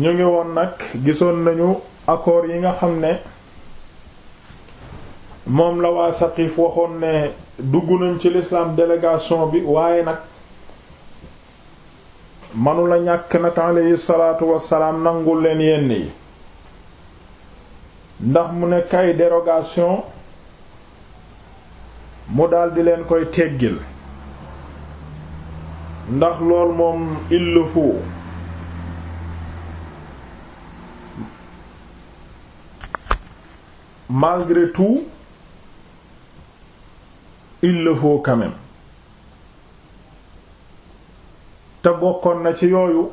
ñu ngi woon nag gisoon nañu akoor yi nga xam ne moom la waa Saqif waxoon ne dugg nañu ci l'islam délégation bi waaye nag mënula ñàkk nag aleyhi salaatu wassalaam nangul leen yenn yi ndax mu ne kay dérogation mu daldi leen koy teggil ndax lool moom il malgré tout il le te bokkoon na ci yooyu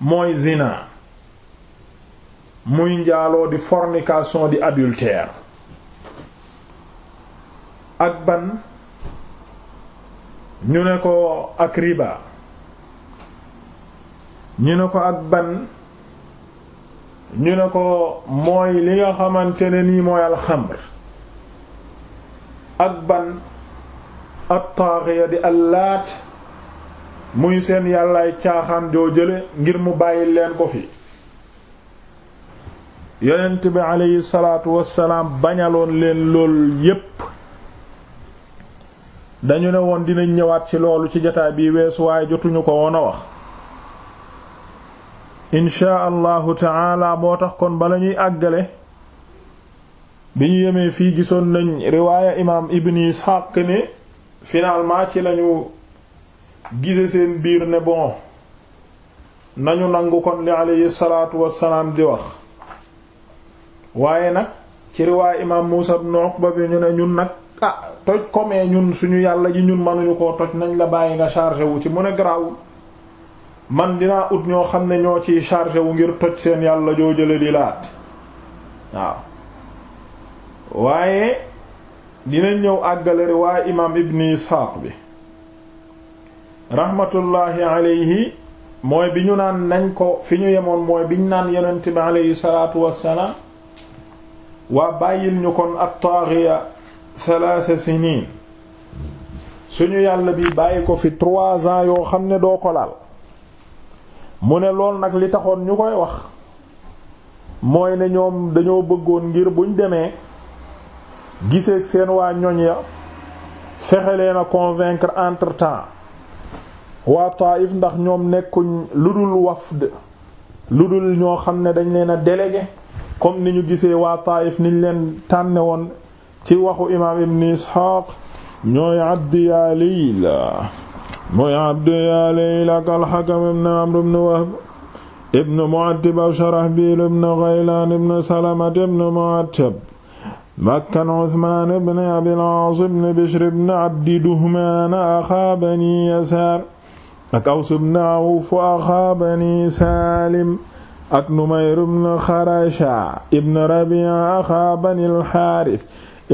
mooy zina muy njaaloo di fornication di adultère ak ban ñu ne ko ak riba ñu ne ko ak ban ñu ne ko mooy li nga xamante ne nii mooy alxamr ak ban at-taaxiya di allaat muy seen yàllaay caaxaan joo jële ngir mu bàyyi leen ko fi yonent bi aleyhi salaatu wassalaam bañaloon leen lool yépp dañu ne woon dinañ ñëwaat ci loolu ci jotaay bii weesu waaye jotuñu ko woon a wax inchaa allahu taala moo tax kon bala ñuy àggale bi ñu yemee fii gisoon nañ riwaaya imaam ibn isxaq ne finalement ci lañu gise seen biir ne bon nañu nangu kon li aleyhi salaatu wassalaam di wax waaye nag ci riwaaya imaam muusa ibn bi ñu ne ñun nag ah toj komee ñun suñu yàlla ji ñun mënuñu ko toj nañ la bàyyi nga chargé wu ci mu ne garaawul man dinaa ut ñoo xam ne ñoo ciy chargé wu ngir toj seen yàlla joo jële di laat waaw waaye dinañ ñëw àggale riwaaya imaam ibni isxaaq bi rahmatullahi alayhi mooy bi ñu naan nañ ko fi ñu yemoon mooy bi ñu naan yonent bi alayhi salaatu wassalaam waa bàyyil ñu kon at-taaxiya thalatha sinin suñu yàlla bi bàyyi ko fi trois ans yoo xam ne doo ko laal mu ne lool nag li taxoon ñu koy wax mooy ne ñoom dañoo bëggoon ngir buñ demee giseeg seen waa ñoñ ya fexe leen a convaincre entre temps waa Taif ndax ñoom nekkuñ lu dul wafd lu dul ñoo xam ne dañ leen a délégué comme ni ñu gisee waa Taif niñ leen tànne woon ci waxu imaam Ibn Ishaq ñooy Abdi Yalil mooy abdu yaa laylak alxakam ibn amr ibn wahb ibn mu'attab aw sharahbil ibn ghaylan ibn salamat ibn mu'attab makkan uthman ibn abil aas ibn bishr ibn abdi duhman axaa bani yasaar ak aws ibn awf axaa bani salim ak numayr ibn xarasha ibn rabia axaa bani alxaaris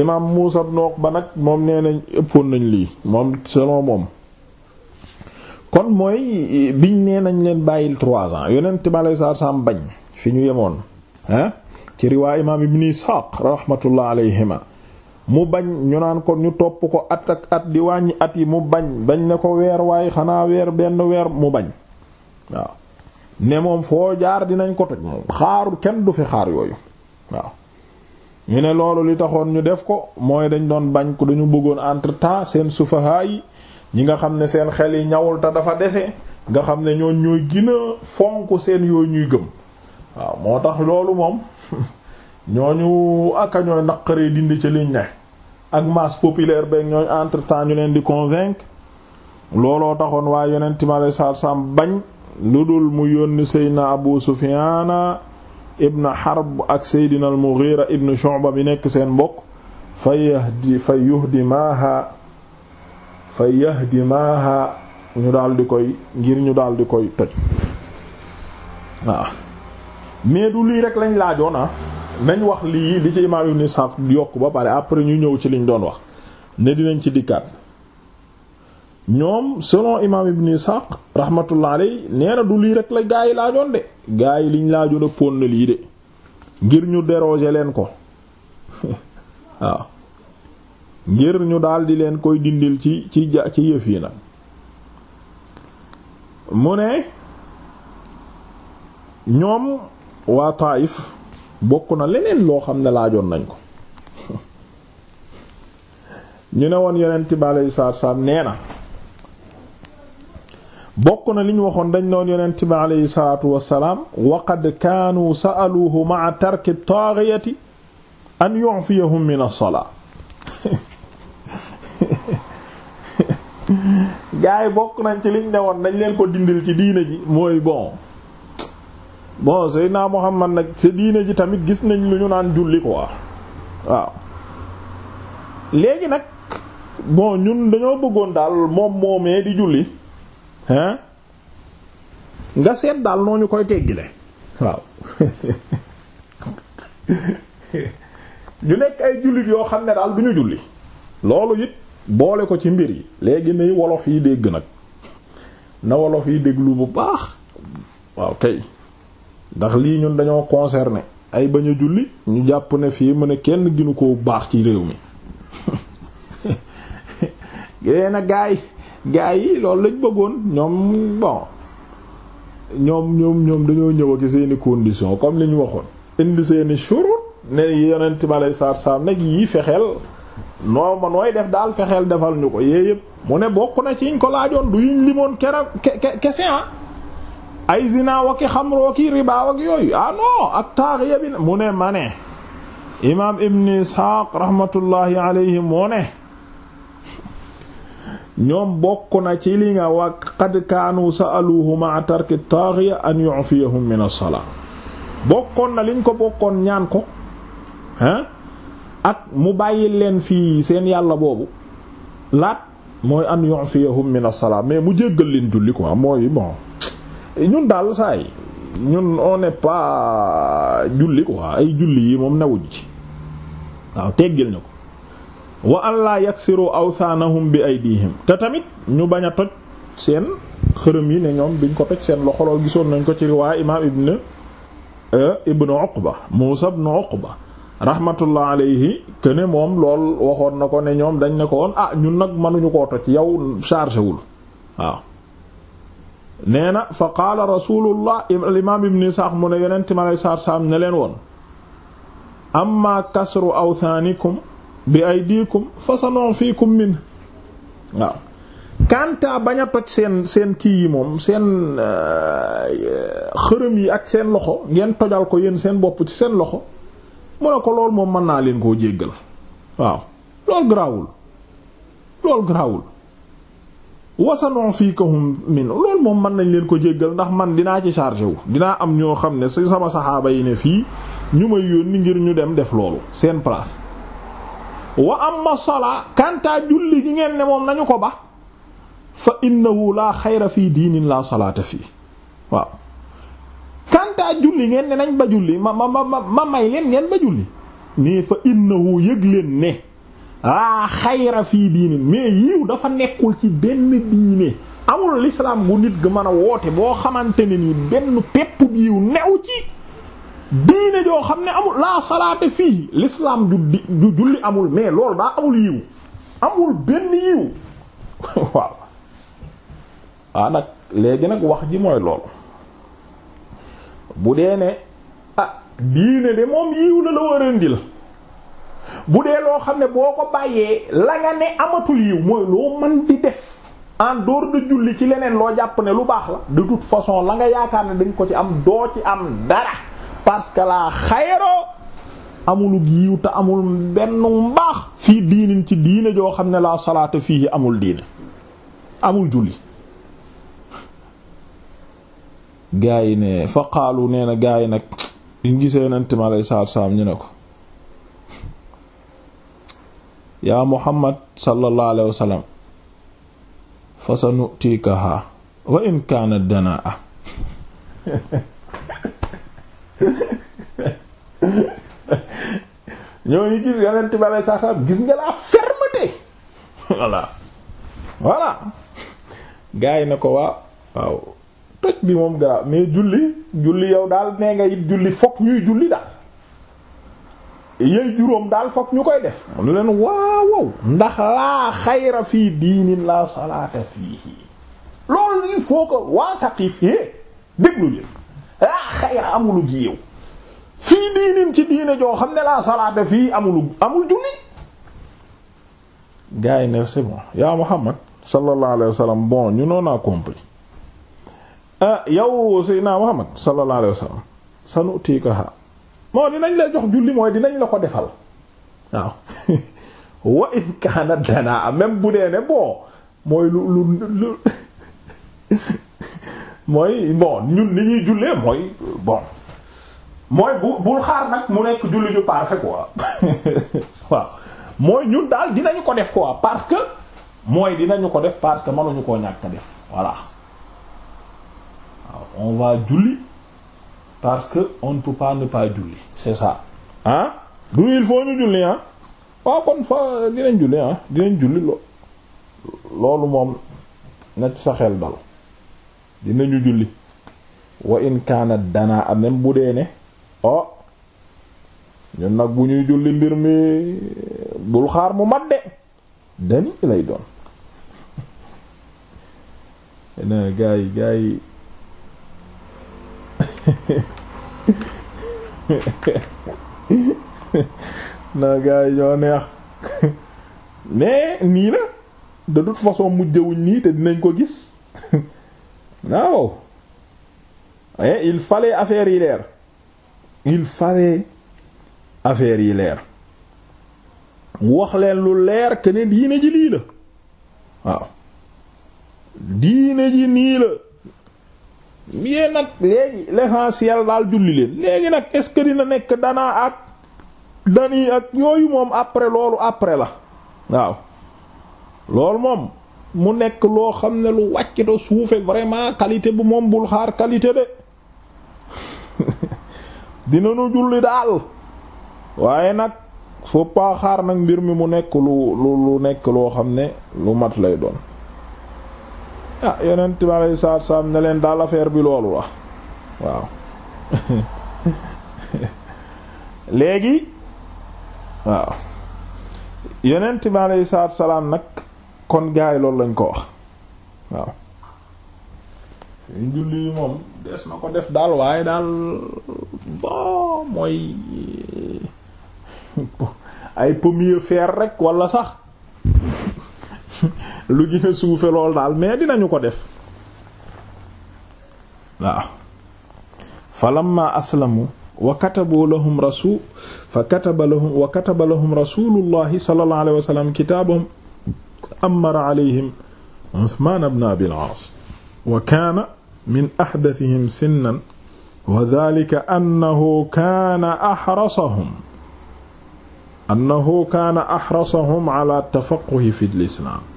imaam muusa ibn uqba nag moom nee nañ ëppoon nañ lii moom selon moom kon mooy biñ nee nañ leen bàyyil trois ans yonent mi alayhi salaatu salaam bañ fi ñu yemoon ah ci riwaa imaam ibn Isaaq rahmatullah alayhima mu bañ ñu naan ko ñu topp ko at ak at di wàññi at yi mu bañ bañ ne ko weer waaye xanaa weer benn weer mu bañ waaw ne moom foo jaar dinañ ko toj moom xaaru kenn du fi xaar yooyu waaw ñu ne loolu li taxoon ñu def ko mooy dañ doon bañ ko dañu bëggoon entre temps seen sufaha yi ñi nga xam ne seen xel yi ñawul te dafa dese nga xam ne ñoon ñooy gën fonk seen yooyu ñuy gëm waaw moo tax loolu moom ñooñu ak a ñooy naqaree dindi ci liñ ne ak masse populaire beeg ñooy entre temps ñu leen di convaincre looloo taxoon waaye yonent mi alayhi salaatu salaam bañ lu dul mu yónni na Abu Sufyaana ibn Harb ak Seydina al-Mughira ibn Shu'ba bi nekk seen mbokk fa yahdi fa yuhdimaaha fa yahdimaha ñu daal koy ngir ñu daal di koy toj waaw mais du lii rek lañ laajoon a ah. nañ wax lii li ci imaam ibn Sa'd yokk ba pare après ñu ñëw ci liñ doon wax ne dinañ ci dikkaat ñoom selon imaam ibn Sa'd rahmatullah alay nee na du lii rek la gaa yi laajoon de gaa yi liñ laajoon a pon na lii de ngir ñu déroger leen ko waaw ngir ñu daldi leen koy dindil ci ci ja ci yëf nag mu ne ñoom waa Taayif bokk na leneen loo xam ne laajoon nañ ko ñu ne woon yonent bi alayhi salaatu salaam nee na bokk na li ñu waxoon dañ doon yonent bi alayhi salaatu wassalaam wa qad kaanu sa'aluhu ma'a tarki at-taaghiyati an yu'fiyahum min as-salaa gars yi bokk nañ ci liñ ne woon dañ leen ko dindil ci diina ji mooy bon bon Seydina Muhammad nag sa diina ji tamit gis nañ lu ñu naan julli quoi waaw léegi nag bon ñun dañoo bëggoon daal moom moomee di julli hein nga seet daal noo ñu koy teggile waaw ñu nekk ay jullit yoo xam ne daal du ñu julli loolu it boole ko ci mbir yi léegi ni wolof yi dégg nag na wolof yi déglu bu baax waaw kay ndax lii ñun dañoo concerné ay bañ a julli ñu jàpp ne fii mu ne kenn ginu koo baax ci réew mi génee na gaay gaay yi loolu lañ bëggoon ñoom bon ñoom ñoom ñoom dañoo ñëw ak seeni condition comme li ñu waxoon indi seeni shurut ne yonent bi aleyhi nag yi fexeel noo ma def daal fexeel defal ñu ko yee yëpp mu ne bokk na ci ñu ko laajoon du yiñ limoon keroog ke kese ah ay zina waki xamroo ki ribaa ah ak yooyu taaxiya bi mu ne ma ne imaam ibn Isxaaq rahmatullahi alayhi moo ñoom bokk na ci li nga wa qad kaanu sa'aluhu ma'a tarki taaxiya an yu'fiyahum min as-salaa bokkoon na liñ ko bokkoon ñaan ko ah ak mu bàyyi leen fii seen yàlla boobu laat mooy an yu'fiyahum min as mais mu jéggal leen julli quoi mooy bon ñun daal saa yi ñun on n'est julli quoi ay julli yi moom newuñ ci waaw teggil ñu ko wa an laa yaksiru awsaanahum bi aydihim te tamit ñu baña a toj seen xërëm yi ne ñoom biñ ko toj seen loxo lool gisoon nañ ko ci riwaaya imaam ibn euh, ibn Uqba Muusa ibn Uqba rahmatullah alayhi que ne moom lool waxoon na ko ne ñoom dañ ne ko woon ah ñun nag mënuñu koo toj yow chargé wul waaw nee na fa qaala rasulullah alimaam ibn isxaaq mu ne yonent mi alei saatu ne leen woon amma kasru awthaanikum bi aydikum fa sanufiikum min waaw kanta bañ a toj seen seen kii yi moom seen euh, xërëm yi ak seen loxo ngeen tojal ko yéen seen bopp ci seen loxo mu ne ko loolu moom mën naa leen koo jéggal waaw lool garaawul lool garaawul wasanon fii kahum min loolu moom mën nañ leen ko jéggal ndax man dinaa ci chargé wu dinaa am ñoo xam ne si sama saxaaba yi ne fii ñu may yónni ngir ñu dem def loolu seen place wa amma salaa kantaa julli gi ngeen ne moom nañu ko ba fa innahu laa xayra fii diinin laa solaate fii waaw kantaa julli ngeen ne nañ ba julli ma ma ma ma may leen ngeen ba julli mais fa innahu yëg leen ne laa ah, xayra fii diini mais yiw dafa nekkul ci benn diine amul l'islam gu nit gi mën a woote boo xamante ne nii benn pepp yiw new ci diine joo xam ne amul laa salaate fii l'islam du julli amul mais lool daa amul yiw amul benn yiw waaw ah nag léegi nag wax ji mooy loolu bu dee ne ah diine de moom yiw la la war a indil bu dee loo xam ne boo ko bàyyee la nga ne amatul yiw mooy loo mën di def en dehors de julli ci leneen loo jàpp ne lu baax la de toute façon la nga yaakaar ne dañ ko ci am doo ci am dara parce que laa xayroo amulug yiw te amul benn mbaax fii diinin ci diine joo xam ne la salaata fii amul diine amul julli gaa yi ne fa qaalu nee na gaa yi nag liñ gisee yonent mi alayhi salaatu salaam ñu ne ko yaa Muhammad sallallahu alayhi fa sa nutiikaha wa in kaanat danaa ñoo ngi gis yonent bi alayhi salaatu salaam gis nga la fermeté voilà voilà gaa yi ne ko waa waaw toj bi moom garaaw mais julli julli yow daal nee nga it julli fokk ñuy julli daal yëy juróom daal fokk ñu koy def mu ne leen waaw ndax laa xayra fii diinin laa salaata fiihi loolu déglu leen laa xayra amulu jiw fii diinin ci diine joo xam ne laa salaata fii amul amul julli. gars yi ne c'est bon yaa Muhammad sallallahu alayhi wa sallam bon ñu noonu compris. ah yow Seydina Muhammad sallallahu alayhi wa sallam sanutiikaha moo dinañ la jox julli mooy dinañ la ko defal waaw wa in kaana danaa même bu nee ne bon mooy lu lu lu mooy bon ñun ni ñuy jullee mooy bon mooy bu bul xaar nag mu nekk julli ju parfait quoi waaw mooy ñun daal dinañu ko def quoi parce que mooy dinañu ko def parce que mënuñu koo ñàkk def voilà on va julli parce que on ne peut pas ne pas julli c'est ça ah du il faut ñu julli ah waaw kon fa dinañ julli ah dinañ julli lo loolu moom na ci sa xel dal dinañu julli wa in kaana dana am même bu dee ne oh ñun nag bu ñuy julli mbir mi bul xaar mu mat de dani lay doon na gaa yi gaa yi na gars yi ñoo neex mais nii la de toute façon mujjewuñ nii te dinañ ko gis waaw et il fallait affaire yi leer il fallait affaire yi leer wax lu leer que diine ji lii la waaw diine ji nii la yéen nag léegi l'essentiel daal julli leen léegi nag est-ce que nekk danaa ak dani ak yooyu moom après loolu après la waaw loolu moom mu nekk loo xam ne lu wàccito suufe vraiment qualité bu moom bul xaar qualité de dina nu julli daal waaye nag faut pas xaar nag mbir mi mu nekk lu lu nekk loo xam ne lu mat lay doon ah yonent bi alayhi salaatu salaam ne leen daal affaire bi loolu la waaw léegi waaw yonent bi alayhi salaatu salaam nag kon gaay loolu lañ ko wax waaw julli yi moom des na ko def daal waaye daal bon mooy ay pour mieux faire rek walla sax lu gën a suufe lool daal mais dinañu ko def waaw fa lamma aslamu wa katabu lahum rasul fa kataba lahum wa kataba lahum rasulullahi sallallahu alayhi wa sallam kitaabahum amara alayhim Usmaan ibn Abil Aas wa kaana min ahdathihim sinnan wa dhaalika annahu kaana ahrasahum annahu kaana ahrasahum ala tafaqquhi fil islaam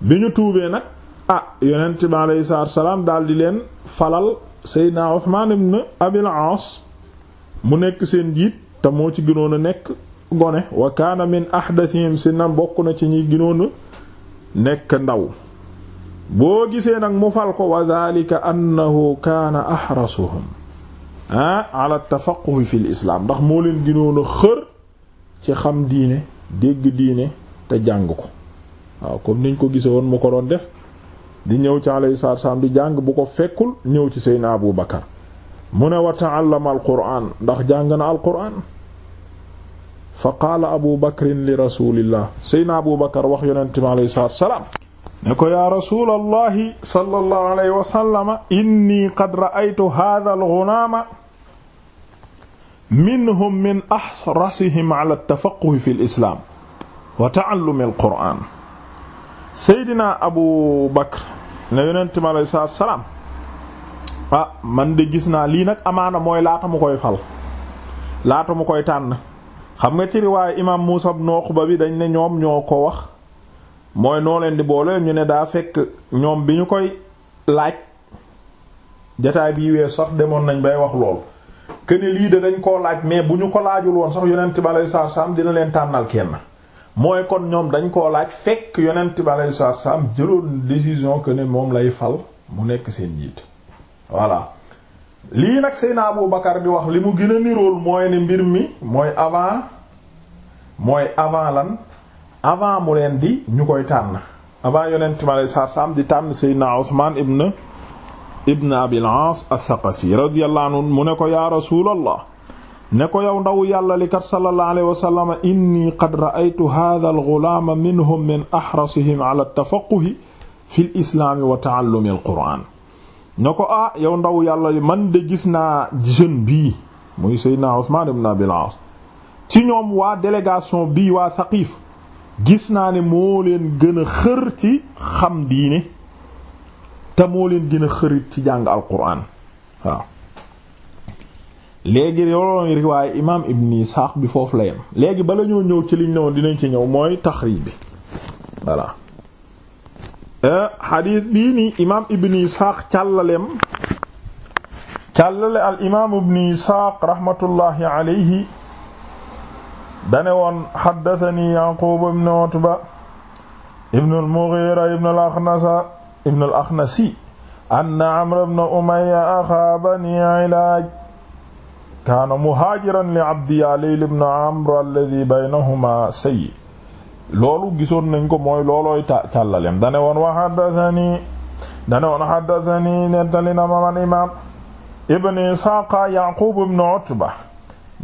bi ñu tuubee nag ah yonent bi aleyhi salaatu salaam daal di leen falal Seydina Uthman ibn Abil Aas mu nekk seen jiit te moo ci gënoon a nekk gone wa kaana min ahdathihim sinna bokk na ci ñi gënoon a nekk ndaw boo gisee nag mu fal ko wa dhalika annahu kaana ahrasuhum ah ala tafaquhi fi l ndax moo leen gënoon xër ci xam diine dégg diine te jàng ko waaw comme niñ ko gise won mu ko doon def di ñëw ci alayhi jàng bu ko fekkul ñëw ci Seydina Abu Bakar mu ne wa ta'allama alquran ndax jàng na alquran fa qaala Abu Bakrin li rasulillah Seydina Abu Bakar wax yonente mi alayhi salaatu salaam ne ko yaa rasulallahi sallallahu alayhi wa inni qad ra'aytu hadha alghulaama minhum min ahrasihim ala at fi al wa ta'allumi al seydinaa Abu Bakr ne yonent mi alayhi salaam ah man de gis naa lii nag amaana mooy laata mu koy fal laata mu koy tànn xam nga ci riwaayu imaam Muusaa ibn Uqba bi dañ ne ñoom ñoo ko wax mooy noo leen di boole ñu ne daa fekk ñoom bi ñu koy laaj jataay bii weesu sax demoon nañ bay wax lool que ne lii de dañ koo laaj mais bu ñu ko laajul woon sax yonent mi alayhi salaatu salaam dina leen tànnal kenn. mooy kon ñoom dañ koo laaj fekk yonent bi alayhi salaatu salaam jëloon décision que ne moom lay fal mu nekk seen jiit voilà lii nag Seydina Abu bi wax li mu gën a nirool mooy ne mbir mi mooy avant mooy avant lan avant mu leen di ñu koy tànn avant yonent bi alayhi salaatu di tànn Seydina Usmaan ibn ibn Abil Aas as-Saqafi radiyallahu anhu mu ne ko yaa Rasuulallah ne ko yow ndaw yàlla li kat sallallahu alayhi wa sallam inni qad ra'aytu hadha al-ghulaama minhum min ahrasihim ala at-tafaqquhi fil islaami wa ta'allumi al-qur'aan ne ko ah yow ndaw yàlla li man de gis naa jeune bii muy Seydina Usmaan ibn Abil Aas ñoom wa délégation bii waa Saqiif gis naa ne moo leen gën a xër xam diine te moo leen gën a xërit ci jàng al-qur'aan léegi looloo riwaaye imaam Ibn Isaaq bi foofu la léegi bala ñoo ñëw ci liñ ne woon dinañ ci ñëw mooy taxriij bi voilà euh, bii nii imaam Ibn Isaaq càllaleem càllale al imaam Ibn Isaaq raxmatullaahi alayhi dane woon xaddatani Yaquub ibn Utba ibn al ibn al ibn al-Akhnasi anna ibn Umayya axaa Bani Ilaaj kaana muhaajiran li abdi yaa Layl ibn Amr alladhi baynahuma sayyi loolu gisoon nañ ko mooy loolooy càllalem dane woon wa haddathani dane woon haddathani nettali na ma man imaam ibn Isaaqa Yaqub ibn Utba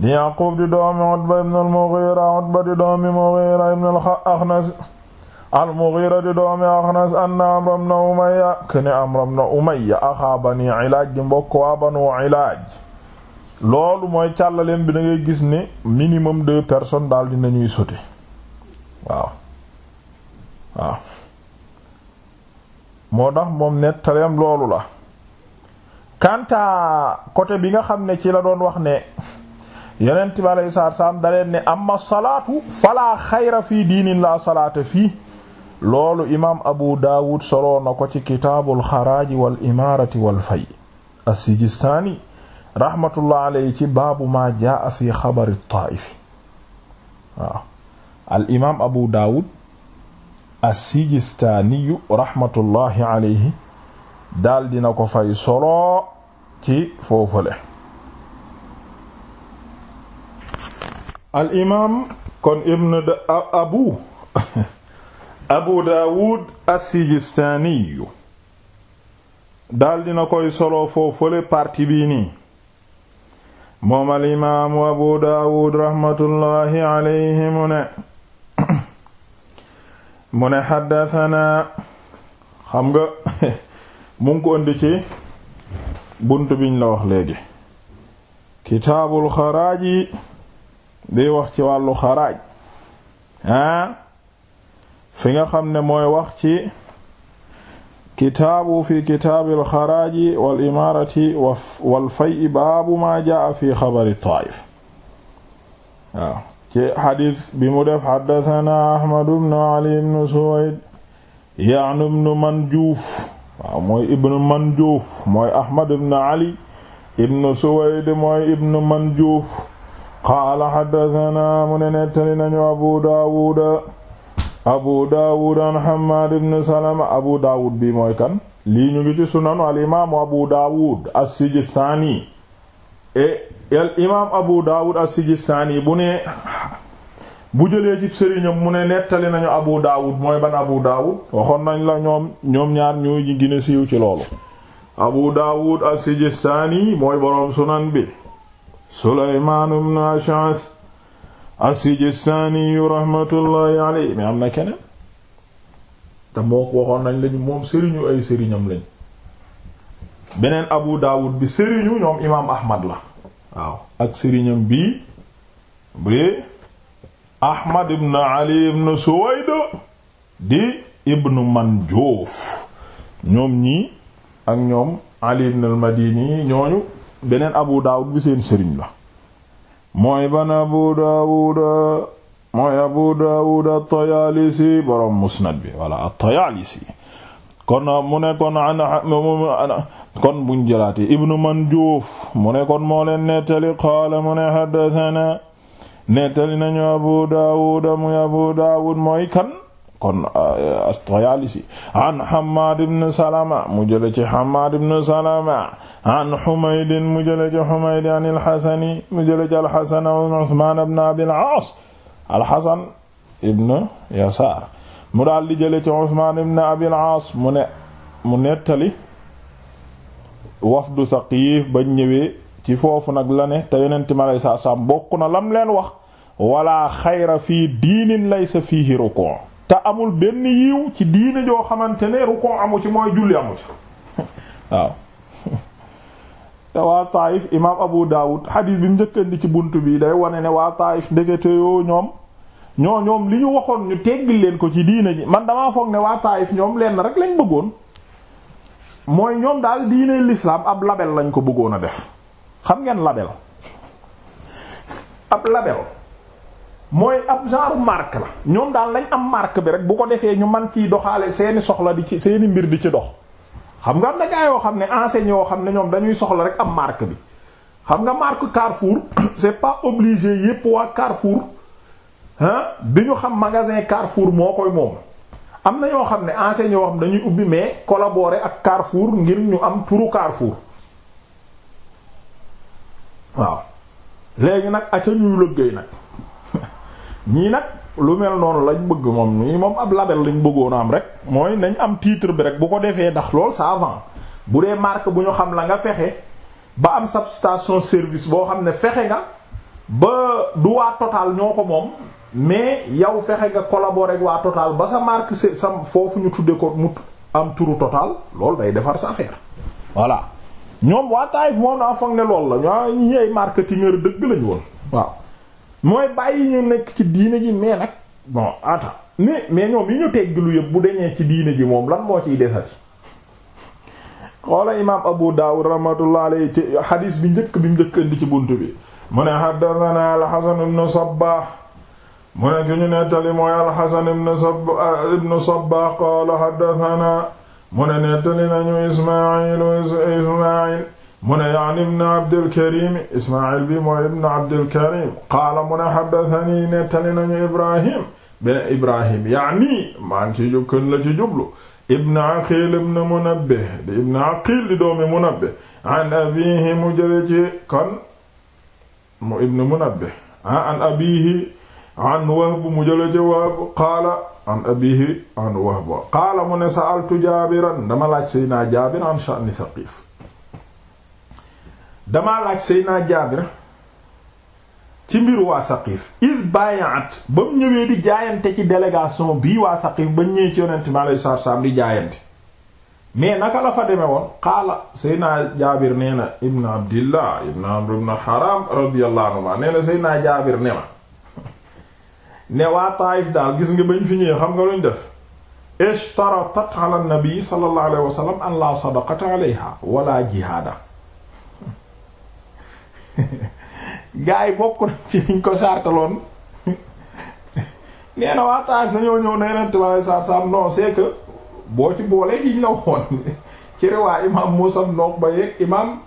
di Yaqub di doomi Utba ibn al-Mughira Utba di doomi Mughira ibn al-Akhnas al-Mughira di doomi Akhnas anna Amr ibn Umayya kene Amr ibn Umayya axaa Bani Ilaaj di mbokk waa Banu Ilaaj loolu mooy càllaleen bi da ngay gis ne minimum deux personnes daal dina ñuy sauter waaw waaw moo tax moom nettaleem loolu la kanta côté bi nga xam ne ci la doon wax ne yeneen bi alayhi salaatu salaam daleen ne amma salaatu fala xayra fii diinin la salaata fii loolu imaam Abu Dawud soloo na ko ci kitaabul xaraaji wal imaarati wal fay as-Sijistaani rahmatullah alayhi ci baabu maa jaa fi xabari taaif waaw al imaam Abu Daawud as-Sijistaaniyu rahmatullahi ko solo ci foofale al imaam kon ibn abu Daawud as-Sijistaaniyu daal dina koy solo foofale partie bii moom alimaamu abu daawud raxmatullahi alayhi ne mu ne xaddatanaa xam nga mu ngi ënd ci bunt biñ la wax léegi kitaabul xaraaj yi day wax ci wàllu xaraaj ah fi nga xam ne mooy wax ci kitaabu fi kitaabil xaraaji wal imaarati wal fay baabu maa jaa fi xabari Taayif waaw ci xadis bi mu def xaddasanaa Ahmadu bnu Ali bnu Suwayd yaani bnu Manjuuf waaw mooy ibnu Manjuuf mooy Ahmadu bnu Ali ibnu Suwayd mooy ibnu Manjuuf qaala xaddasanaa mu ne nettali nañu Abu Daawuda abu daawud an hamad ibn abu daawud bi mooy kan lii ñu ngi ci sunanu al imaamu abu daawud as-sijistaani e, imaam abu daawud as bu ne bu jëlee ci sëriñam mu ne nettali nañu abu daawud mooy ban abu daawud waxoon nañ la ñoom ñoom ñaar ñuy gën ci loolu abu daawud as mooy boroom sunan bi sulaymaan ibn ash'ath as-Sijistaani rahmatullahi alayhi mais am na keneen te moo waxoon nañ lañu moom sëriñu ay sëriñam lañ beneen Abu Daawud bi sëriñu ñoom imaam Ahmad la waaw ak sëriñam bii bi Ahmad ibn Ali ibn Suwayd di ibnu Manjuuf ñoom ñii ak ñoom Ali ibn al-Madini ñooñu beneen Abu Daawud bi seen sëriñ la mooy ban abu daawud mooy abu daawud at bi walla at-tayaalisi kon mu ne kon kon buñ jëlaati ibnu manjuuf mu ne kon moo leen nettali qaala mu ne haddathana nettali nañu abu daawud muy abu daawud mooy kan kon euh, at an Hammaad ibn Salama mu jële ci Hammaad ibn an Humayd mu jële ci Humayd an al-Hasani mu jële ci al-Hasan an Usmaan ibn Yasaar mu daal di jële ci Usmaan ibn Abil mu ne mu nettali wafdu Saqiif bañ ñëwee ci foofu nag la ne te Yonent mi alayhi salaam na lam leen wax wala xayra fii diinin laysa fiihi rukuu te amul benn yiw ci diine joo xamante ne rukon amu ci mooy julli amu ci waaw te waa Taif imaam Abu Dawud xadiis bi njëkkandi ci bunt bi day wane ne waa Taif ndekete yoo ñoom ñoo ñoom li ñu waxoon ñu teggil leen ko ci diine ji man damaa foog ne waa Taif ñoom lenn rek lañ bëggoon mooy ñoom daal diine lislaam ab label lañ ko bëggoon a def xam ngeen label ab label mooy ab genre marque la ñoom daal lañ am marque bi rek bu ko defee ñu man ciy doxaale seeni soxla di ci seeni mbir di ci dox xam nga am na gaa yoo xam ne enseigne yoo xam ne ñoom dañuy soxla rek am marque bi xam nga marque Carrefour c'est pas obligé yépp waa Carrefour ah bi ñu xam magasin Carrefour moo koy moom am na ñoo xam ne enseigne yoo xam dañuy ubbi mais collaborer ak Carrefour ngir ñu am turu Carrefour waaw léegi nag aca ñuy lëggéey nag ñii nag lu mel noonu lañ bëgg moom ñii moom ab label lañ bëggoon am rek mooy nañ am titre bi rek bu ko defee ndax lool ça vend bu dee marque bu ñu xam la nga fexe ba am substation service boo xam ne fexe nga ba du waa Total ñoo ko moom mais yow fexe nga collaborer ak waa Total ba sa marque sa foofu ñu tudde ko mu am turu Total loolu day defar sa affaire voilà ñoom waa Taïf moom naa foog ne loolu la ñoo ñi ay marketingeur dëgg lañu woon waaw mooy bàyyi ñu nekk ci diine ji mais nag bon attends mais mais ñoom yi ñu tegg lu yëpp bu deñee ci diine ji moom lan moo ciy desati xoola imaam Abu Dawud rahmatullah alayhi ci xadiis bi njëkk bi mu njëkk ci bunt bi mu ne haddathana al-Hasan ibn Sabbah mu ne ki ñu nettali mooy al-Hasan ibn eh, Sabbah qaala haddathana mu ne nettali nañu Ismaa'il Ismaa'il mu ne yaan ibn abdilkarim ismail bi mooy ibn abdilkarim qaala mu ne xaddatani nettali nañu ibrahim ben ibrahim yaani maa ngi ci jukkan la ci jublu ibn aqil ibn munabbih di ibn aqil di doomi munabbih an abihi mu jële ci kon mu ibn munabbih ah, an abihi an wahb mu jële ci wahb qaala an abihi an wahb qaala mu ne sa'altu jaabiran dama laaj sayyidina jaabir an sha'ni saqiif damaa laaj Seydina Jaabir ci mbir waa Saqif iz bay'at ba mu ñëwee di jaayante ci délégation bii waa Saqif ba ñëwee ci yonent mi alayhi salaatu salaam di jaayante mais naka la fa demee woon qaala Seydina Jaabir nee na ibn Abdillah ibn Haram radiyallahu nee na Seydina Jaabir ne ma ne waa Taayif daal gis nga bañ fi ñëwee xam nga luñ def ishtaratat ala nabi sallallahu alayhi wa sadaqata alayha jihaada gaa yi bokk na ci niñ ko sartaloon nee na waa Taif dañoo ñëw ne Yonent bi alayhi salaatu salaam non boo ci boole yi ñu la waxoon ci riwaay imaam Muusaa ibn Uqba yeeg imaam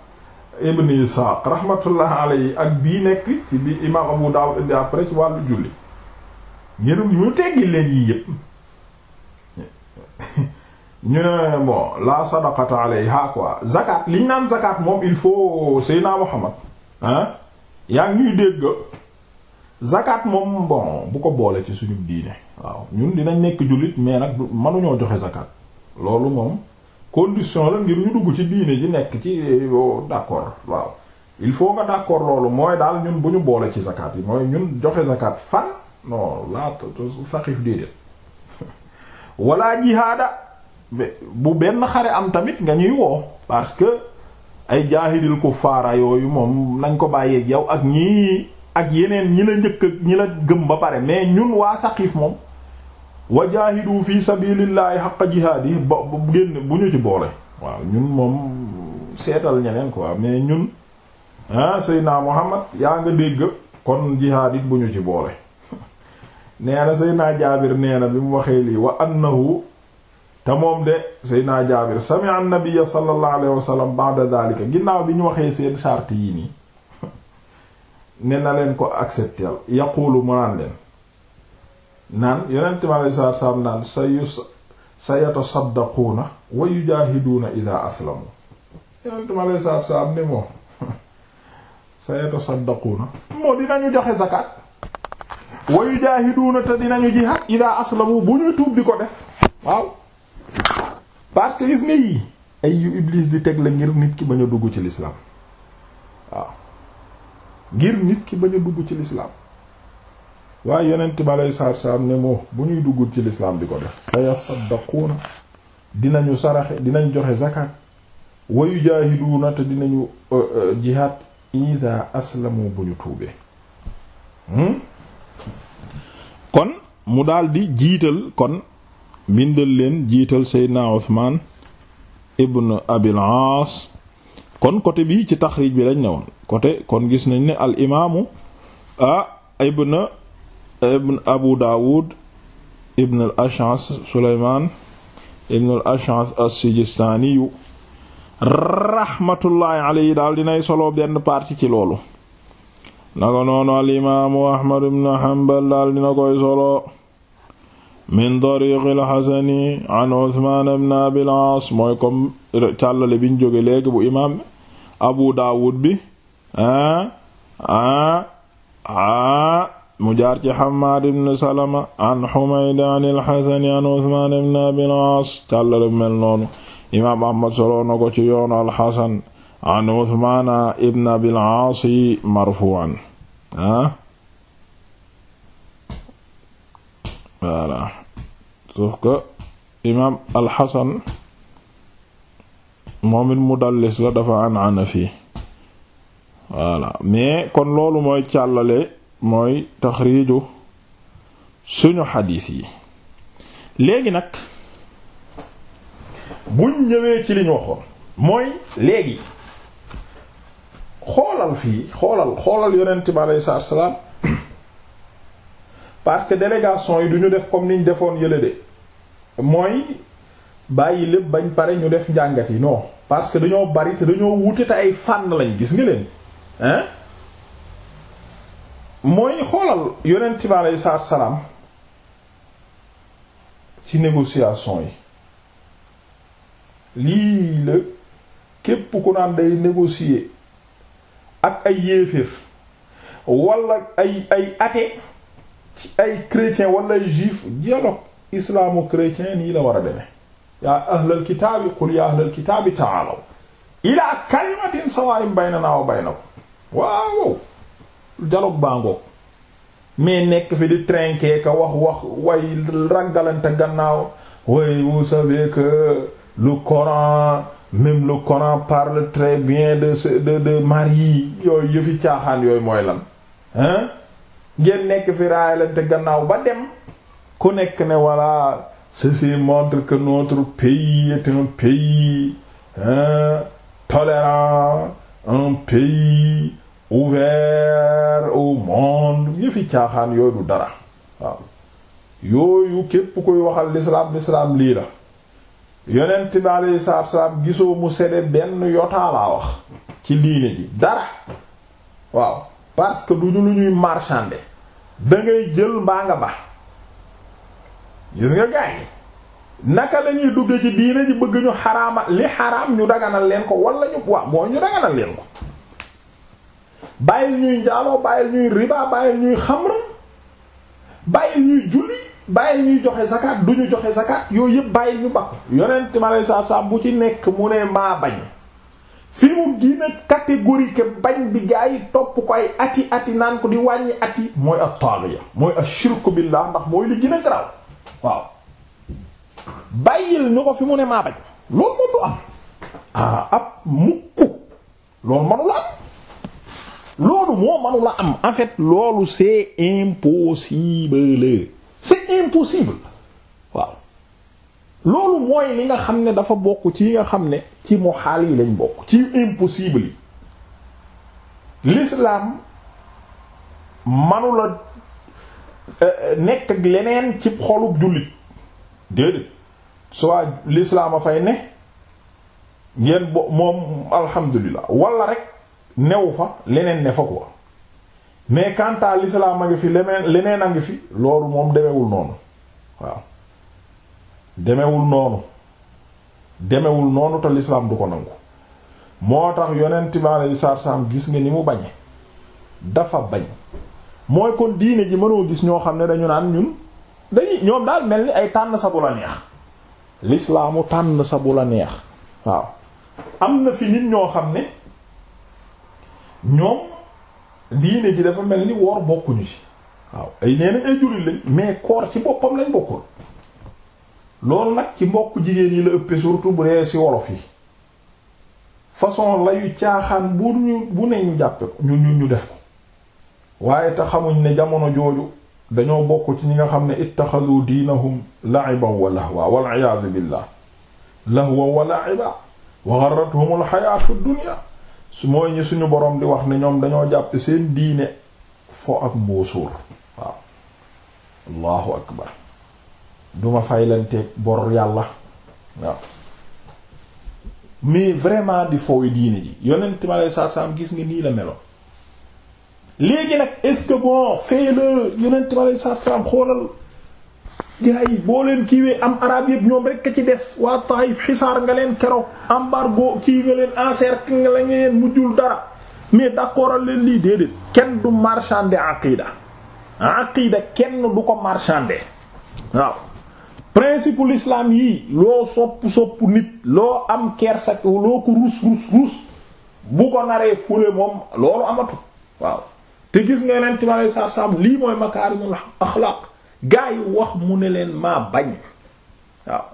Ibn Isaaq rahmatullah ak bii nekk ci bi imaam Abu Daawud indi après ci wàllu julli ngir ñu teggi leen yépp ñu ne bon la sadaqata alayha quoi zakat liñ naan zakat moom il faut Seydina Muhammad ah yaa ngi ñuy dégg zakat moom bon bu ko boole ci suñu diine waaw ñun dinañ nekk jullit mais nag mënuñoo joxe zakat loolu moom condition la ngir ñu dugg ci diine ji nekk ci euh, d'accord waaw il faut nga d'accord loolu mooy daal ñun bu ñu boole ci zakat yi mooy ñun joxe zakat fan non laa saqif déedéet wala jihaada bu benn xare am tamit nga ñuy woo ay jaahilil kuffaara yooyu moom nañ ko bàyyee yow ak ñii ak yeneen ñi la njëkk ñi la gëm ba pare mais ñun waa saqiif moom wa jaahidu fi sabilillahi haqqa jihaadi bu ñu ci boole waaw ñun moom seetal ñeneen quoi mais ñun ah Seydina Muhammad yaa nga dégg kon jihaad bu ñu ci boole nee na Seydina Jaabir nee bi mu waxee lii wa annahu te moom de Seydina Jaabir sami'a an-nabiyya sallallahu alayhi wa sallam ba'da ginnaaw bi ñu waxee seen charte yi nii ne na leen ko accepter yaqulu mu naan leen naan yonent mi alayhi salaatu salaam naan sa yus sa yatasaddaquuna wa yujaahiduuna idhaa aslamu yonent mi alayhi salaatu salaam ne moom sa yatasaddaquuna moo dinañu joxe zakat wa yujaahiduuna te dinañu jihaad idhaa aslamu bu ñuy tuub di ko def waaw parce que gis nga yii ay yu Iblis di teg la ngir nit ki bañ a dugg ci l'islam waaw ngir nit ki bañ a dugg ci l'islam waaye yonent bi aleyhi salaatu ne moo bu ñuy duggul ci l'islam di ko def sa yasaddaquuna dinañu saraxe dinañ joxe zakat wa yujaahiduuna te dinañu euh, euh, jihaad idaa aslamu bu ñu tuubee hmm? kon mu daldi jiital kon bindal leen jiital seydna Usmaan ibn abil aas kon côté bi ci taxrij bi lañ ne woon côté kon gis nañ ne al imaamu ah ibn ibn abu daawud ibn al ash'as suleymaan ibn al ash'as as-sijistaaniyu rahmatullahi daal dinay solo benn parti ci loolu naka noonu al imaamu ahmad ibn hanbal daal dina koy solo min tariqi alxasani an usman ibn abil aas mooy comme càllale biñ jóge léegi bu imaam abu daawud bi ah ah ah mu jaar ci xamaad ibn salama an xumayd an alxasani an usman ibn abil aas càllale bu mel noonu imaam ahmad soloo na ko ci yoonu alxasan an usman ibn abil aas marfuan ah voilà sauf que imaam alxasan moom it mudallis la dafa an fii voilà mais kon loolu mooy càllale mooy taxriiju suñu xadiis yi léegi nag buñ ñëwee ci liñ waxoon mooy léegi xoolal fii xoolal xoolal yonent bi aleyhi salaatu wa salaam parce que délégation yi du ñu def comme niñ defoon yële de mooy bàyyi lépp bañ pare ñu def njàngat yi non parce que dañoo bari te dañoo wuti te ay fànn lañ gis nga leen hein mooy xoolal yonent bi aleyhi salaatu salaam ci négociation yi lii la képp ku naan day négocier ak ay yéeféer wala ay ay athée ci ay chrétien wala ay juif dialogue islaamu chrétien nii la war a demee yaa ahlal kitaabi qul yaa ahlal kitaabi taalaw ilaa kalimatin sawaa'in baynanaa wa baynakum waaw dialogue bàngook mais nekk fi di trinquer wax wax way raggalante gannaaw way vous savez que le Coran même le Coran parle très bien de de de Marie yooyu yëfi caaxaan yooyu mooy lan hein ngeen nekk fi raayalante gannaaw ba dem ku nekk ne voilà ceci montre que notre pays est un pays hein, un pays ouvert au monde yëfi caaxaan yooyu du dara yooyu képp koy waxal l'islam l'islam lii la yonent bi alayhi salaatu salaam gisoo mu sede benn yotaalaa wax ci liine ji dara waaw parce que du ñu lu ñuy marchander da ngay jël mbaa nga ba gis nga gars naka lañuy dugge ci diina ji bëgg ñu xaraama li xaraam ñu daganal leen ko wala ñu waa mooy ñu daganal leen ko bàyyil ñuy njaaloo bàyyil ñuy riba bàyyil ñuy xamra bàyyil ñuy julli bàyyil ñuy joxe zakat du ñu joxe zakat yooyu yëpp bàyyil ñu bakk yonent ma lay saab saab bu ci nekk mu ne maa bañ fi mu gina catégorique bañ bi gaa yi topp ko ay ati ati naan ko di wàññi ati mooy at-taghiya mooy ash-shirku billah ndax mooy li gina garaaw waaw bàyyil ñu ko fi mu ne maa bañ loolu moom ah, manula am loolu moo manula am en fait loolu c'est impossible c'est impossible loolu mooy li nga xam ne dafa bokk ci yi nga xam ne ci mu xaal yi lañ bokk ci impossible yi l'islam manula euh, nekk ak leneen ci xolub jullit déedéet soit l'islam a fay ne ngeen bo moom alhamdulilah wala rek new fa leneen ne fa quoi mais quant à a ngi fi leneen leneen a ngi fi loolu moom demewul noonu waaw demewul noonu demewul noonu te lislaam du ko nangu moo tax yonent bi alayhi salaatu salaam gis nga ni mu bañe dafa bañ mooy kon diine ji mënoo gis ñoo xam ne dañu naan ñun dañuy ñoom daal mel ni ay tànn sabu bu la neex lislaamu tànn sa la neex waaw am na fi nit ñoo xam ne ñoom diine ji dafa mel ni woor bokkuñu ci waaw ay nee nañ ay jullit lañ mais koor ci boppam lañ bokkul loolu nag ci mbokk jigéen yi la ëpp surtout bu dee ci wolof yi façon layu caaxaan bu ne ñu jàppe ko ñu ñu def ko waaye te xamuñ ne jamono jooju dañoo bokk ci ñi nga xam ne ittaxadu diinahum la'iban wa lahwa wal iyaadu billah lahwa wa la'iba wa su mooy ñi suñu borom di wax ne ñoom dañoo jàpp seen diine fo ak mbóosóor waaw allahu akbar duma faylanteeg bor yàlla waaw mais vraiment di fooy diine ji yonent ma lay saa saam gis nga nii la melo léegi nag est-ce que bon fee la yonent ma lay saa saam xoolal gaa yi boo leen kiiwee am arab yëpp ñoom rek a ci des waa Taayif xisaar nga leen keroog embargo kii nga leen encercle nga la nga leen mujjul dara mais d'accordal leen lii déedéet kenn du marchander aqida aqida kenn du ko marchander waaw principe l'islam yii loo sopp sopp nit loo am kersak loo ko rus rus rus bu ko naree fule moom loolu amatu waaw te gis nga yonent bi alei satu salaam lii mooy makaarimul axlaaq gaa wax mu ne leen maa bañ waaw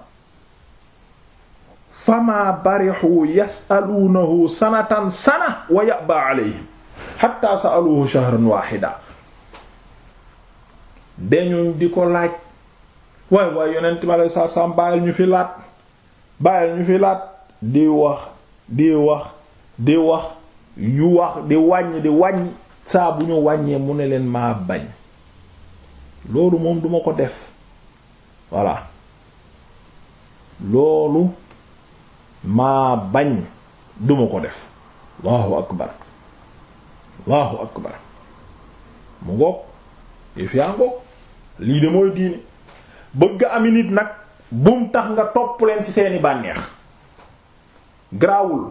famaa barixu yasaluunahu sanatan sana wa yaba alayhim xatta saaluhu shahran waaxida dañu di ko laaj waaye waaye yonent ma lay saa saam bàyyil ñu fi laat bàyyil ñu fi laat di wax di wax di wax yu wax di wàññ di wàññ saa bu ñu wàññee mu ne leen maa bañ loolu moom duma ko def voilà loolu maa bañ duma ko def allahu akbar allahu akbar mu ngoog yëf yaa ngoog lii de mooy diine bëgg ami nit nag bum tax nga topp leen ci seeni bànneex garaawul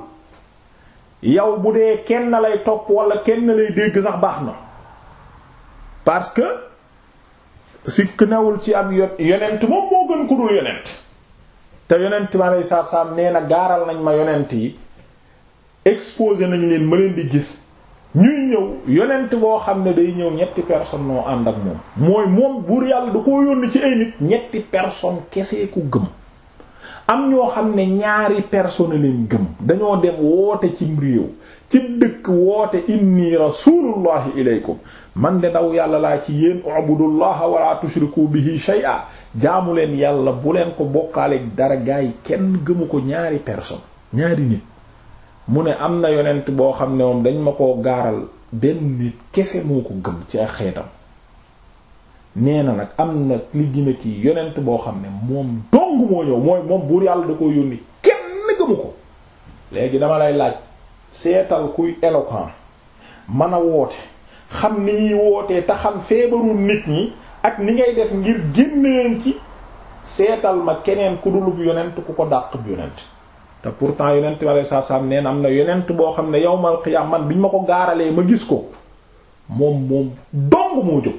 yow bu dee kenn lay topp wala kenn lay dégg sax baax na parce que sikk newul ci ab yonent moom moo gën ku dul yonent te yonent ma lay saar saam nee na gaaral nañ ma yonent yi exposé nañu leen ma leen di gis ñuy ñëw yonent boo xam ne day ñëw ñetti personne noo ànd ak moom mooy moom buur yàlla du koo yónni ci ay nit ñetti personne kese ko gëm am ñoo xam ne ñaari personne leen gëm dañoo dem woote ci réew ci dëkk woote inni rasulullahi ilaykum man de ndaw yàlla laa ci yéen ubudullaha wala tushriku bihi shay'a jaamu leen yàlla bu leen ko bokkaale dara gaay kenn gëmu ko ñaari personne ñaari nit mu ne am na yonent boo xam ne moom dañ ma ko gaaral benn nit kese moo ko gëm ci ay xeetam nee na nag am na li gina kii yonent boo xam ne moom dong moo ñëw mooy moom buur yàlla da ko yónni kenn gëmu ko léegi dama lay laaj seetal kuy éloquent mën a woote xam ni ñuy wootee te xam nit ñi ak ni ngay def ngir génneen ci seetal ma keneen ku dulub yonent ku ko dàq yonent te pourtant yonent bi alei satu salaam neen am na yonent boo xam ne yawmal qiyaam man bi ñu ma ko gaaralee ma gis ko moom moom dong moo jóg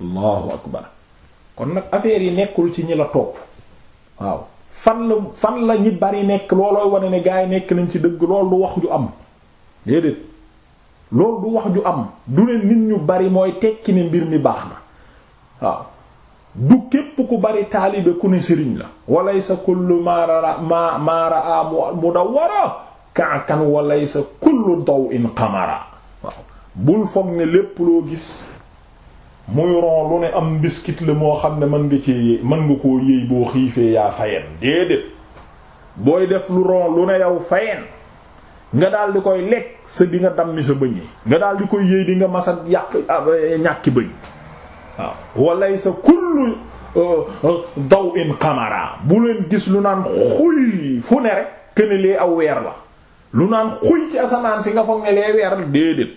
allahu akbar kon nag affaire yi nekkul ci ñi la topp waaw fan la fan la ñi bari nekk loolooy wane ne gaa yi nekk nañ ci dëgg lool du wax ju am déedéet loolu du wax ju am du ne nit ñu bari mooy tekki ne mbir mi baax na waaw du képp ku bari taalibe ku ne sëriñ la walaysa kullu maara ma maara a mudawwara kaakan walaysa kullu daw'in qamara waaw bul foog ne lépp loo gis muy ron lu ne am mbiskit la moo xam ne mën nga ci mën nga koo yëy boo xiifee yaa fayen déedéet booy def lu ron lu ne yow fayen nga daal di koy lekk sa di nga dammi sa bëñ yi nga daal di koy yëy di nga masa yàq ah, ñàkki bëñ waaw sa kullu euh, euh, daw in qamara bu leen gis lu naan xuy fu ne rek këne aw weer la lu naan xuy ci asamaan si nga foog ne weer déedéet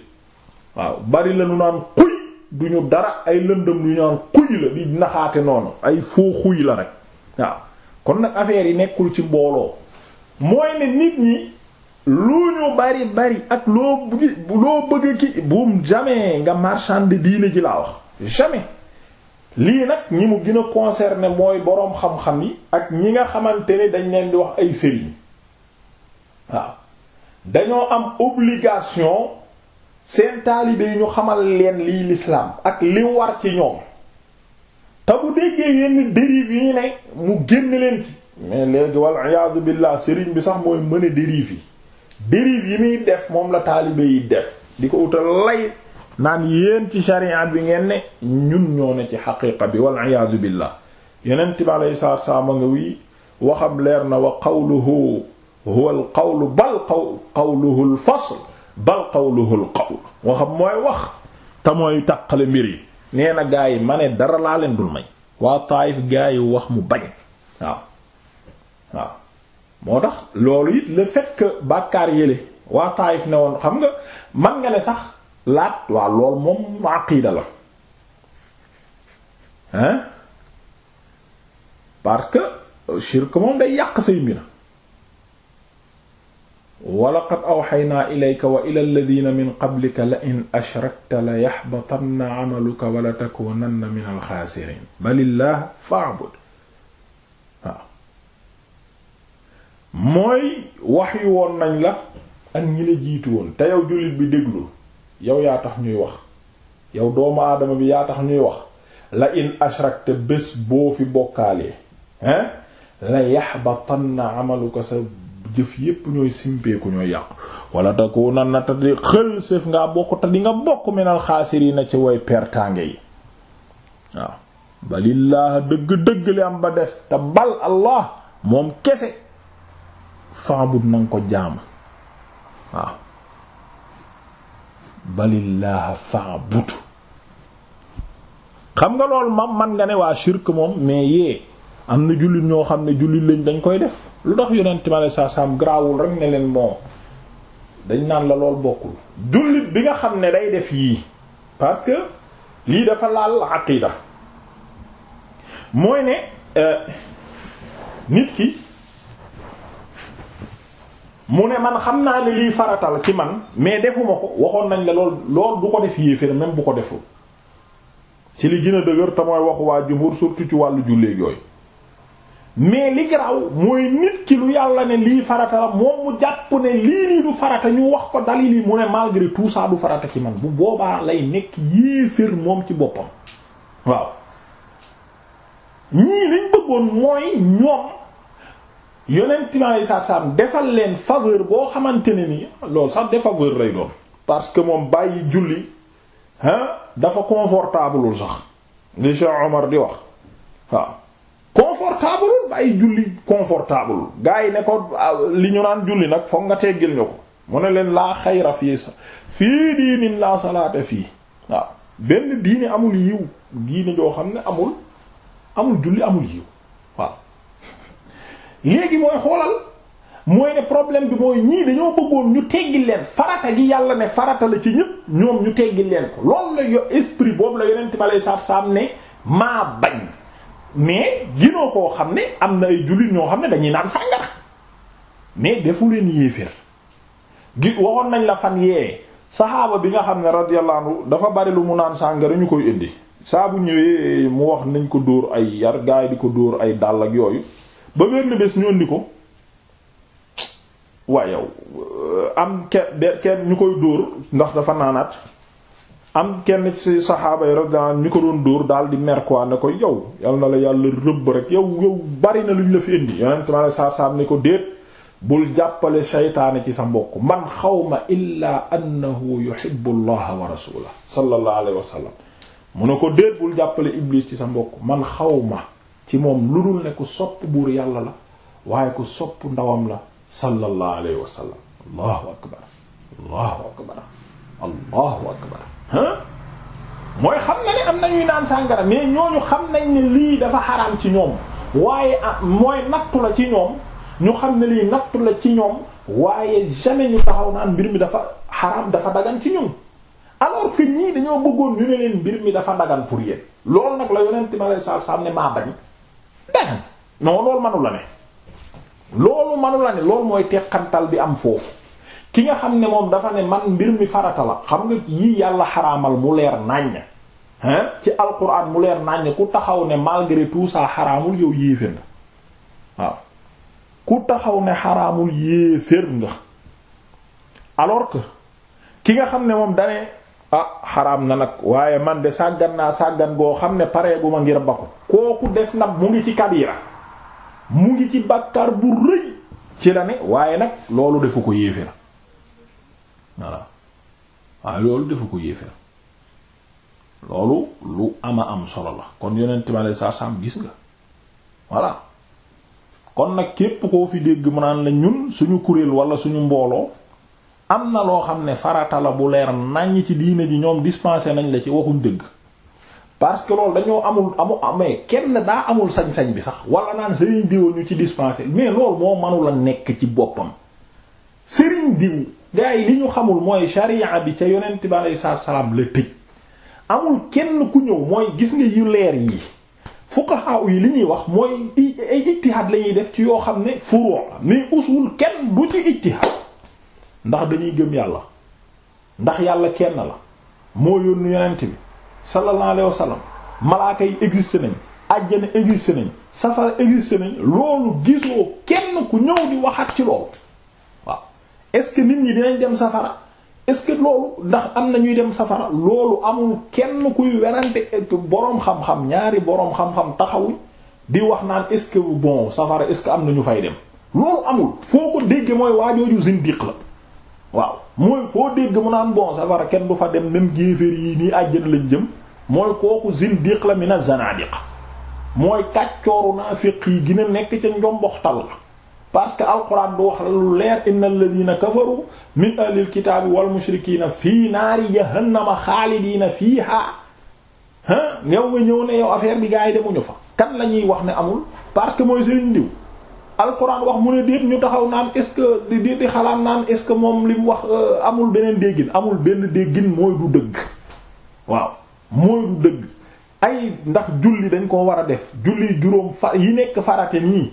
waaw bari la lu naan xuy du ñu dara ay lëndëm lu ñu naan xuy la di naxaate noonu ay foo xuy la rek waaw kon nag affaire yi nekkul ci mbooloo mooy ne nit ñi lu ñu bari bari ak loo loo bëgg ki buum jamee nga marchande diine ji laa wax jamais lii nag ñi mu gën a concerné mooy boroom xam-xam yi ak ñi nga xamante ne dañ leen di wax ay sëriñ waaw dañoo am obligation seen taalibe yi ñu xamal leen lii l'islam ak li war ci ñoom te bu déggee yenn dérive yi ne mu génn leen ci mais léegi wal iyaadu billah sëriñ bi sax mooy mën a yi dérive yi muy def moom la taalibe yi def di ko utal lay naan yéen ci sharia bi ngeen ne ñun ñoo ne ci xaqiqa bi wal iyaadu billah yeneen bi aleyi salaatu salaam a nga wii waxam leer na wa qawluhu huwa al qawlu bal qawluhu al fasl waxam mooy wax te mooy tàqale mbir yi nee na gaa yi ma ne dara laa leen dul may waa Taayif gaa yi wax mu bañ waaw waaw moo tax loolu it le fait bàkkaar yële waa Taayif ne woon xam nga man nga ne sax laat waaw lool moom aqiida la hein parce que shirk moom day yàq say mbir walaqad awxaynaa ilayka wa ila alladina min qablika la in ashrakta la yaxbatanna camaluka min alxaasirin balillah faabud waaw mooy wax yu woon nañ la ak ñi la jiitu woon te bi déglu yow yaa tax ñuy wax yow doomu aadama bi yaa tax ñuy wax la in ashrakta bés boo fi bokkaalee hein la yaxbatanna amaluka sa jëf yépp ñooy simpeeku ñooy yàqu wala takunanna te di xël séef ngaa bokk te di bokk minal xaasiriina ci way pertaange yi waaw balillaaha dëgg-dëgg li am ba des te bal allah moom kese faabut nanga ko jaam waaw balillaaha fa'budu xam nga lool mam man nga ne waa shirk moom mais yee am na jullit ñoo xam ne jullit lañ dañ koy def lu tax yonent ma la saa saam garaawul rek ne leen moom dañ naan la lool bokkul jullit bi nga xam ne day def yii parce que lii dafa laal aqiida mooy ne euh, nit ki mu ne man xam naa ne lii faratal ci man mais defuma ko waxoon nañ la lool lool du ko def yéeféer même bu ko deful ci li gën a dëgër te mooy waxu waa jumhur surtout ci wàllu julleeg yooyu mais li garaaw mooy nit ki lu yàlla ne lii farata la moom mu jàpp ne lii nii du farata ñu wax ko dalil yi mu ne malgré tout ça du farata ci man bu boobaa lay nekk yéeféer moom ci boppam waaw ñii liñ bëggoon mooy ñoom yonent yi sax saam defal leen faveur boo xamante ne ni loolu sax défaveur lay doon. parce que moom bàyyi julli ah dafa confortableul sax li Cheikh Omar di wax waaw confortableul bàyyi julli confortableul gars yi ne ko ah, li ñu naan julli nag foog nga teggil ñu ko mu ne leen laa xayra fii sax fii diinin laa salaata fii waaw benn diini amul yiw diini joo xam ne amul amul julli amul yiw. léegi mooy xoolal mooy ne problème bi mooy ñii dañoo bëggoon ñu teggi leen farata gi yàlla ne farata la ci ñëpp ñoom ñu teggi leen ko loolu la yo esprit boobu la yonent ba lay saab ne maa bañ mais ginoo koo xam ne am na ay jullit ñoo xam ne dañuy naan sàngara mais defu leen yéeféer gi waxoon nañ la fan yee saxaaba bi nga xam ne radiyallahu anhu dafa bari lu mu naan sàngara ñu koy indi saa ñëwee mu wax nañ ko dóor ay yar gaay di ko dóor ay dàll ak yooyu ba benn bés ñu andi ko waa yow euh, am kenn kenn ñu koy dóor ndax dafa naanaat am kenn ci saxaaba yi radiyallahu anhum ñu ko doon dóor daal di mer quoi ne ko yow yal na la yàlla rëbb rek yow yow bari na lu ñu la fi indi yonent saab-saab ne ko déet bul jàppale seytaane ci sa mbokk man xawma illaa annahu yuhibbu allaha wa rasulahu sallallahu alayhi wa sallam mu ne ko déet bul jàppale iblis ci sa mbokk man ma ci moom lu dul ne ku sopp buur yàlla la waaye ku sopp ndawam la sallallahu alayhi wa sallam allahu akbar allahu akbar xam na lii dafa xaraam ci ñoom waaye ah, mooy nattu la ci ñoom ñu xam ne lii nattu la ci ñoom waaye jamais ñu taxaw naan mbir mi dafa xaraam dafa dagan ci ñii dañoo bëggoon ñu ne leen mbir mi dafa dagan pour yéen loolu nag la yonent mi sallallahu alayhi wa ne maa bañ laaj non loolu manu la ne loolu mooy teqantal bi am foofu ki nga xam ne moom dafa ne man mbir mi farata la xam nga yii yàlla xaraamal mu leer nàññ hein ci alquran mu leer nàññ ku taxaw ne malgré tout ça xaraamul yow yéefér nga waaw ku taxaw ne xaramul yéefér nga alors ki nga xam ne moom dane ah xaraam na nag waaye man de sàggan naa sàggan goo xam ne ma ngir ba ko kooku def nag mu ngi ci kabira mu ngi ci bàkkaar bu rëy ci la ne waaye nag loolu defu ko yéeféer voilà waaye loolu defu ko yéeféer loolu lu ama am solo la kon yonent ma saa saam gis nga voilà kon nag képp koo fi dégg mu naan la ñun suñu kuréel wala suñu mbooloo am na loo xam ne farata la bu leer naññ ci diine ji ñoom dispensé nañ la ci waxuñ dëgg parce que loolu dañoo amul amu amee kenn daa amul sañ-sañ bi sax wala naan sëriñ diw ñu ci dispensé mais loolu moo mënula nekk ci boppam sëriñ diw gars yi li ñu xamul mooy sharia bi ca yonent bi aleyhi salaatu salaam la tëj amul kenn ku ñëw mooy gis nga yu leer yi fuqaha yi li ñuy wax mooy ay ijtihaad la ñuy def ci yoo xam ne furu' mais usul kenn du ci ijtihaad ndax dañuy gëm yàlla ndax yàlla kenn la moo yónni yonent bi sallallahu alayhi wa sallam malaaka yi existé nañ àjjana existé nañ safara existé nañ loolu gisoo kenn ku ñëw di waxat ci loolu waaw est-ce que nit ñi dinañ dem safara est-ce que loolu ndax am na ñuy dem safara loolu amul kenn kuy werante ak boroom xam-xam ñaari boroom xam-xam taxawuñ di wax naan est-ce que bon safara est-ce que am na ñu fay dem loolu amul foo ko dégg mooy waajooju zindiq la waaw mooy foo dégg mu naan bon safara kenn du fa dem même géefér yi nii àjjana lañ jëm mooy kooku zindiq la mina zanadiq mooy kàccooru naafiq yi gina nekk ca njomboxtal la parce que alquran du wax la lu leer inna alladina kafaru min ahlil kitaabi wal mushrikiina fii naari jahannama xaalidiina fii ha ngew nga ñëw ne yow affaire bi gaa yi demuñu fa kan la ñuy wax ne amul parce que mooy sëriñ diw alquran wax mu ne déet ñu taxaw naan est-ce que di di xalaat naan est-ce que moom li mu wax euh, amul beneen déggin amul benn déggin mooy du dëgg waaw mooy du dëgg ay ndax julli dañ ko war a def julli juróom fa yi nekk farate nii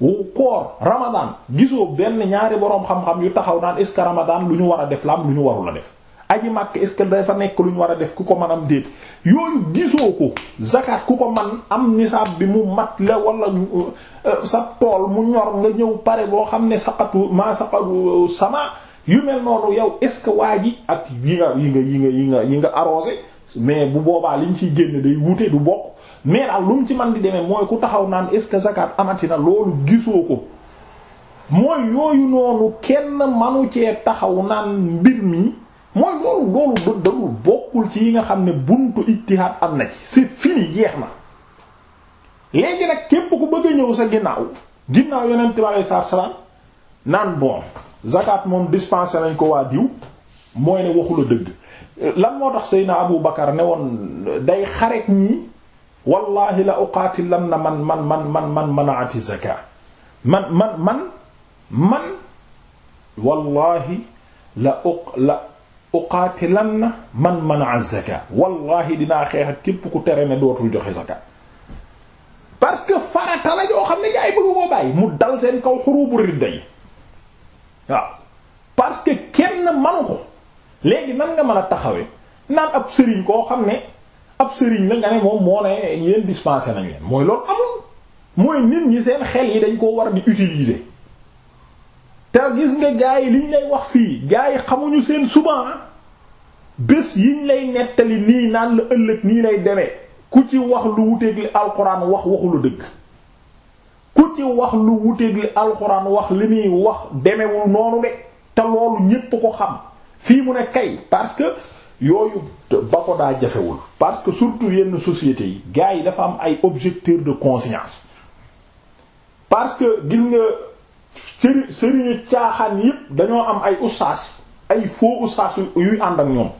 wu koor ramadan gisoo benn ñaari boroom xam-xam yu taxaw naan est-ce que ramadan lu ñu war a def la am lu ñu warul a def aji màkk est-ce que dafa nekk lu ñu war a def ku ko mën am déet yooyu gisoo ko zakat ku ko man am nisaab bi mu mat la wala euh, euh, sa tool mu ñor nga ñëw pare boo xam ne saqatu maa saqatu euh, sama yu mel noonu yow est-ce que waa ji ak yi nga yi nga yi nga yi nga yi nga mais bu boobaa liñ ciy génn day wute du bokk mais daal lu mu ci man di demee mooy ku taxaw naan est-ce que zakat amati na loolu gisoo ko mooy yooyu noonu kenn manu cee taxaw naan mbir mi mooy loolu loolu dalul bokkul ci yi nga xam ne buntu ijtihaad am na ci c'est fini jeex na léegi nag képp ku bëgg ñëw sa ginnaaw ginnaaw yonent bi alei naan bon zakat moom dispensé nañ ko waa diw mooy ne waxula dëgg lan moo tax Seydina Abu Bakar ne woon day xaret ñii wallahi la lan na man man man man man manaati zakat man man man man wallahi la uq la uqaatilan na man mana zaka wallahi dinaa xeex ak képp ku tere ne dootul joxe zaka parce que farata la joo xam ne gaa yi bëgg koo bàyyi mu dal seen kaw xurubu ridda yi waaw parce que kenn manu ko léegi nan nga mën a taxawee naan ab sëriñ koo xam ne ab sëriñ la nga ne moom moo ne yeen dispensé nañ leen mooy loolu amul mooy nit ñi seen xel yi dañ koo war a di utiliser te gis nga gaa yi liñ lay wax fii gaa yi xamuñu seen suba bés yiñ lay nettali nii naan la ëllëg nii lay demee ku ci wax lu wuteeg li alxuraan wax waxu la ku ci wax lu wuteeg li alxuraan wax li muy wax demewul noonu de te loolu ñépp ko xam fii mu ne kay parce que yooyu ba ko daa jafewul parce que surtout yenn sociétés yi gars yi dafa am ay objecteurs de conscience parce que gis nga sëri sëriñu caaxaan yépp dañoo am ay ustaas ay faux ustaas yuy ànd ak ñoom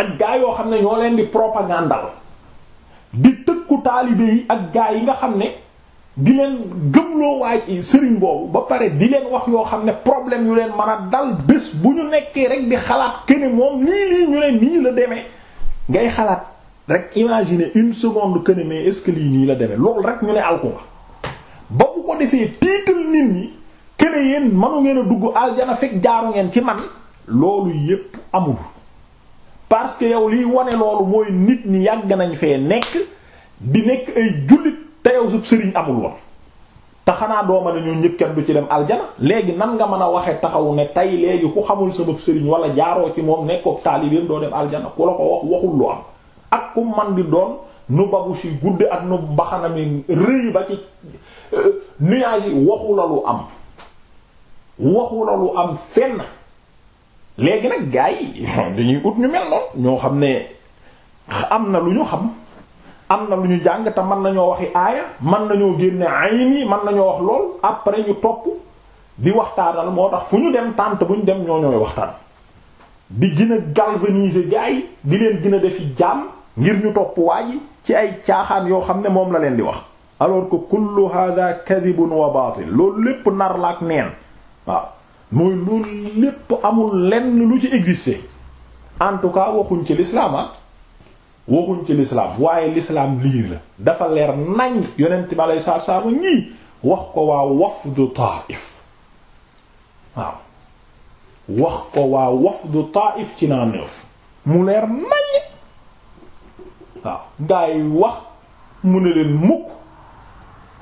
ak gaa yoo xam ne ñoo leen di propagandal di tëkku taalibe yi ak gaa yi nga xam ne di leen gëmloo waay sëriñ boobu ba pare di leen wax yoo xam ne problème yu leen man a dal bés bu ñu nekkee rek di xalaat kene moom nii lii ñu ne nii la demee ngay xalaat rek imaginer une seconde que ne mais est-ce que lii nii la demee loolu rek ñu ne alku nga ko defee tiital nit ñi kene yéen manu ngeen a dugg aljana fekk jaaru ngeen ci man loolu yépp amul parce que yow liy wane loolu mooy nit ñi yàgg nañ fee nekk di nekk ay jullit te yow sëriñ amul woon te xanaa dooma ne ñun ñëpp kenn du ci dem aljana léegi nan nga mën a waxee taxawu ne tey léegi ku xamul sabab sëriñ wala jaaroo ci moom nekkook taalibeem doo dem aljana ku la ko wax waxul lu am ak ku man di doon nu babu si gudde ak nu mbaxana mi rëy ba nuage yi waxu lu am waxu la lu am fenn léegi nag gaa dañuy ut ñu mel noonu ñoo xam ne am na lu ñu xam am na lu ñu jàng te mën nañoo waxi aaya mën nañoo génne man mën nañoo wax lool après ñu topp di waxtaanal moo tax fu ñu dem tànt bu ñu dem ñoo ñooy waxtaan di gën a galvaniser gaa yi di leen gën defi jaam ngir ñu topp waa ci ay caaxaan yoo xam ne moom la leen di wax alors que kullu hada kadibun wa baatil loolu lépp nar la ak neen waaw mooy loolu lépp amul lenn lu ci exister en tout cas waxuñ ci l'islam ah waxuñ ci l'islam waaye lislaam lii la dafa leer nañ yonent bi alei saatu salaama ñii wax ko waa wafdu Taif waaw wax ko waa wafdu Taif ci naa neuf mu leer nañ waaw gaa yi wax mu ne leen mukk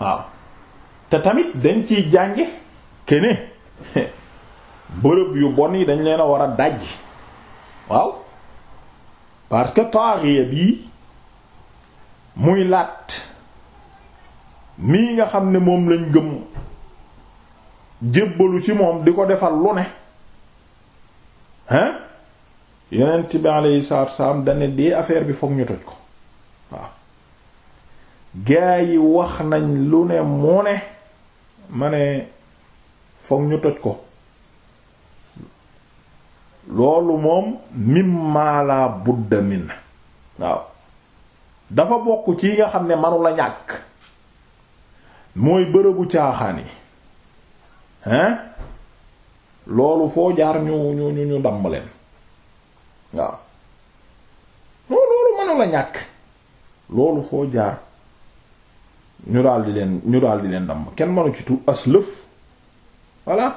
waaw te tamit dañ ciy jànge kene bërëb yu bon yi dañ leen a war a daj waaw parce que taaxiya yi muy laat mii nga xam ne moom lañ gëm jébbalu ci moom di ko defal lu ne hein yonent bi alayhi salaatu wa salaam dane dee affaire bi fokk ñu toj ko waaw gaa yi wax nañ lu ne mu ne ma ne foog ñu toj ko loolu moom mimma la budda min waaw dafa bokk ci nga xam ne manu ñàkk mooy bërëbu caaxaan yi hein loolu foo jaar ñu ñu ñu ñu damm leen waaw loolu manu ñàkk loolu foo jaar ñu daal di leen ñu daal leen damm kenn manu ci tu as lëf voilà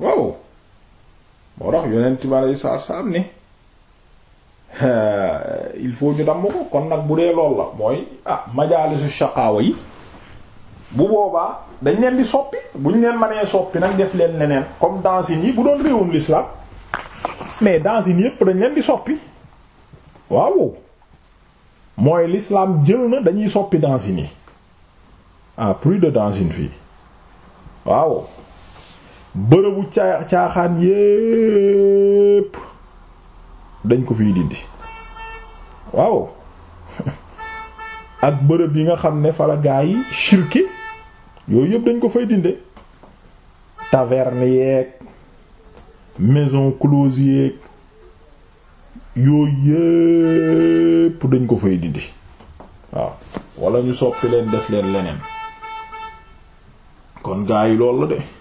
waaw moo tax yonent bi aleyhi salaatu salaam ni eh, il faut ñu damm ko kon nag bu dee lool la mooy ah majaalisu shaqaawa yi bu boobaa dañ leen di soppi bu ñu leen mënee soppi nag def leen leneen comme dancing yi bu doon réewum l'islam mais dancing yépp dañ leen di soppi waaw mooy lislaam jël na dañuy soppi dancing yi ah plus de dancing fii waaw bërëbu caa caaxaan yépp dañ ko fiy dindi waaw ak bërëb yi nga xam ne fala yi shirki yooyu yëpp dañ ko fay dinde taverne yeeg maison close yeeg yooyu yépp dañ ko fay dindi waaw wala ñu soppi leen def leen leneen kon gaa yi loolu la de